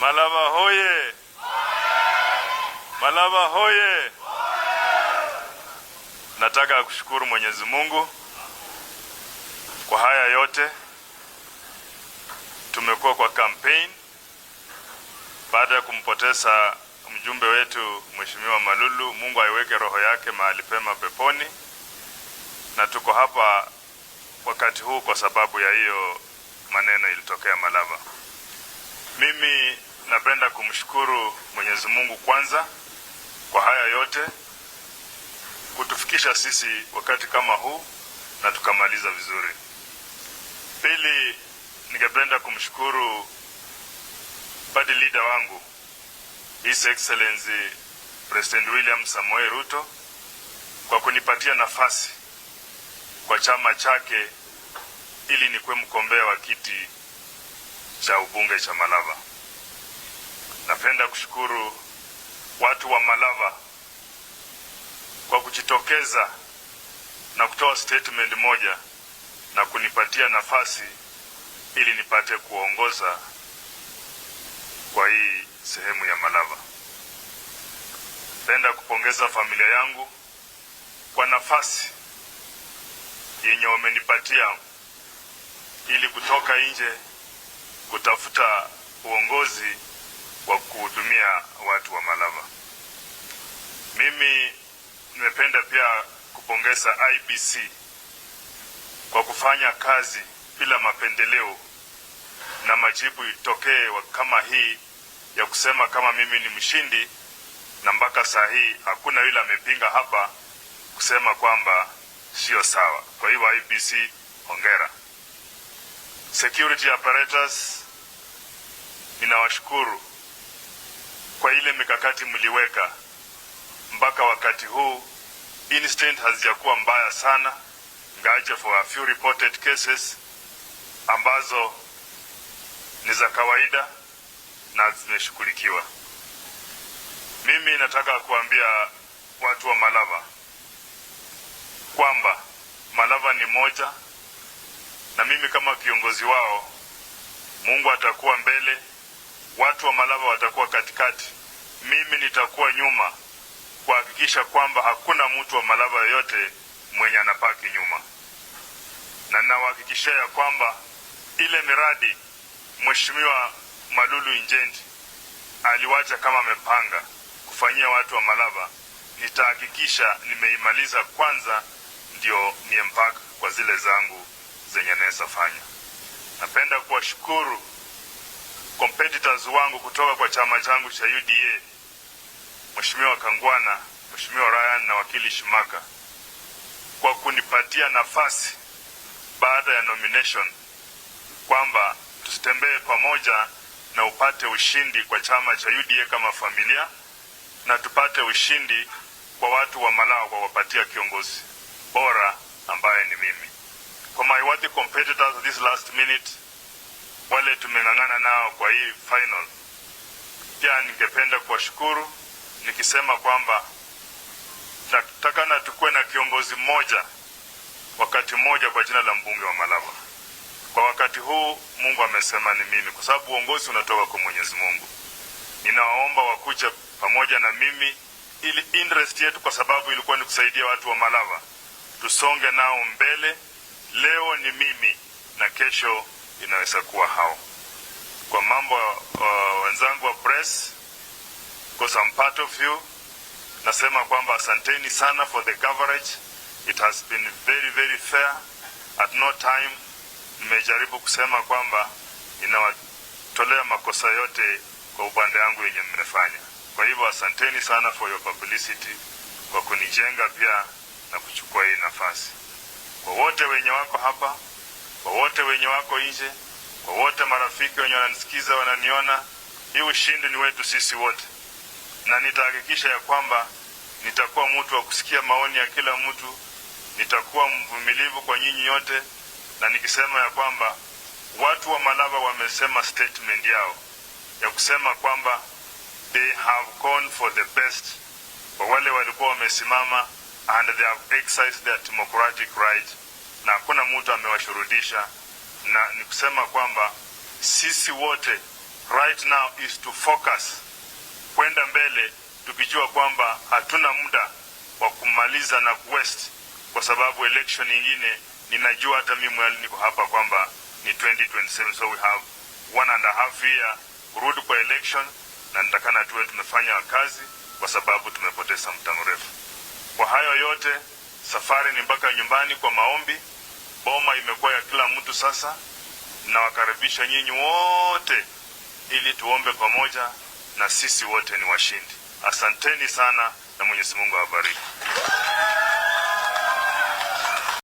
Malava hoye! Malava hoye! Nataka kushukuru Mwenyezi Mungu kwa haya yote. Tumekuwa kwa campaign baada ya kumpoteza mjumbe wetu Mheshimiwa Malulu. Mungu aiweke roho yake mahali pema peponi, na tuko hapa wakati huu kwa sababu ya hiyo maneno ilitokea Malava. Mimi Napenda kumshukuru Mwenyezi Mungu kwanza kwa haya yote kutufikisha sisi wakati kama huu na tukamaliza vizuri. Pili, ningependa kumshukuru party leader wangu His Excellency President William Samoei Ruto kwa kunipatia nafasi kwa chama chake ili nikuwe mkombea wa kiti cha ubunge cha Malava. Napenda kushukuru watu wa Malava kwa kujitokeza na kutoa statement moja na kunipatia nafasi ili nipate kuongoza kwa hii sehemu ya Malava. Napenda kupongeza familia yangu kwa nafasi yenye wamenipatia ili kutoka nje kutafuta uongozi wa kuhudumia watu wa Malava. Mimi nimependa pia kupongeza IBC kwa kufanya kazi bila mapendeleo na majibu itokee kama hii ya kusema kama mimi ni mshindi, na mpaka saa hii hakuna yule amepinga hapa kusema kwamba sio sawa. Kwa hivyo IBC, hongera. Security apparatus, ninawashukuru kwa ile mikakati mliweka mpaka wakati huu incident hazijakuwa mbaya sana, ngaje for a few reported cases ambazo ni za kawaida na zimeshughulikiwa. Mimi nataka kuambia watu wa Malava kwamba Malava ni moja, na mimi kama kiongozi wao, Mungu atakuwa mbele watu wa Malava watakuwa katikati, mimi nitakuwa nyuma kuhakikisha kwamba hakuna mtu wa Malava yoyote mwenye anapaki nyuma, na ninawahakikishia ya kwamba ile miradi Mheshimiwa Malulu Injendi aliwacha kama amepanga kufanyia watu wa Malava, nitahakikisha nimeimaliza kwanza, ndio niempaka kwa zile zangu zenye naweza fanya. Napenda kuwashukuru competitors wangu kutoka kwa chama changu cha UDA, Mheshimiwa Kangwana, Mheshimiwa Ryan na wakili Shimaka kwa kunipatia nafasi baada ya nomination kwamba tusitembee pamoja na upate ushindi kwa chama cha UDA kama familia na tupate ushindi kwa watu wa Malawi kwa kuwapatia kiongozi bora ambaye ni mimi. Kwa my worthy competitors this last minute wale tumeng'ang'ana nao kwa hii final. Pia ningependa kuwashukuru nikisema kwamba tunatakana tukuwe na kiongozi mmoja wakati mmoja kwa jina la mbunge wa Malava. Kwa wakati huu Mungu amesema ni mimi, kwa sababu uongozi unatoka kwa Mwenyezi Mungu. Ninawaomba wakuja pamoja na mimi, ili interest yetu, kwa sababu ilikuwa ni kusaidia watu wa Malava, tusonge nao mbele. Leo ni mimi na kesho inaweza kuwa hao. Kwa mambo uh, wenzangu wa press, because I'm part of you, nasema kwamba asanteni sana for the coverage. It has been very very fair. At no time nimejaribu kusema kwamba inawatolea makosa yote kwa upande wangu yenye mmefanya. Kwa hivyo asanteni sana for your publicity kwa kunijenga pia na kuchukua hii nafasi. Kwa wote wenye wako hapa kwa wote wenye wako nje, kwa wote marafiki wenye wananisikiza, wananiona. Hii ushindi ni wetu sisi wote, na nitahakikisha ya kwamba nitakuwa mtu wa kusikia maoni ya kila mtu, nitakuwa mvumilivu kwa nyinyi yote, na nikisema ya kwamba watu wa Malava wamesema statement yao ya kusema kwamba they have gone for the best, kwa wale walikuwa wamesimama and they have exercised their democratic right na hakuna mtu amewashurutisha, na ni kusema kwamba sisi wote right now is to focus kwenda mbele, tukijua kwamba hatuna muda wa kumaliza na kuwaste, kwa sababu election nyingine ninajua hata mimi mwali niko hapa kwamba ni 2027 so we have one and a half year kurudi kwa election, na nitakana tuwe tumefanya kazi, kwa sababu tumepoteza muda mrefu. Kwa hayo yote, safari ni mpaka nyumbani kwa maombi. Boma imekuwa ya kila mtu sasa. Nawakaribisha nyinyi wote ili tuombe pamoja, na sisi wote ni washindi. Asanteni sana na Mwenyezi Mungu awabariki.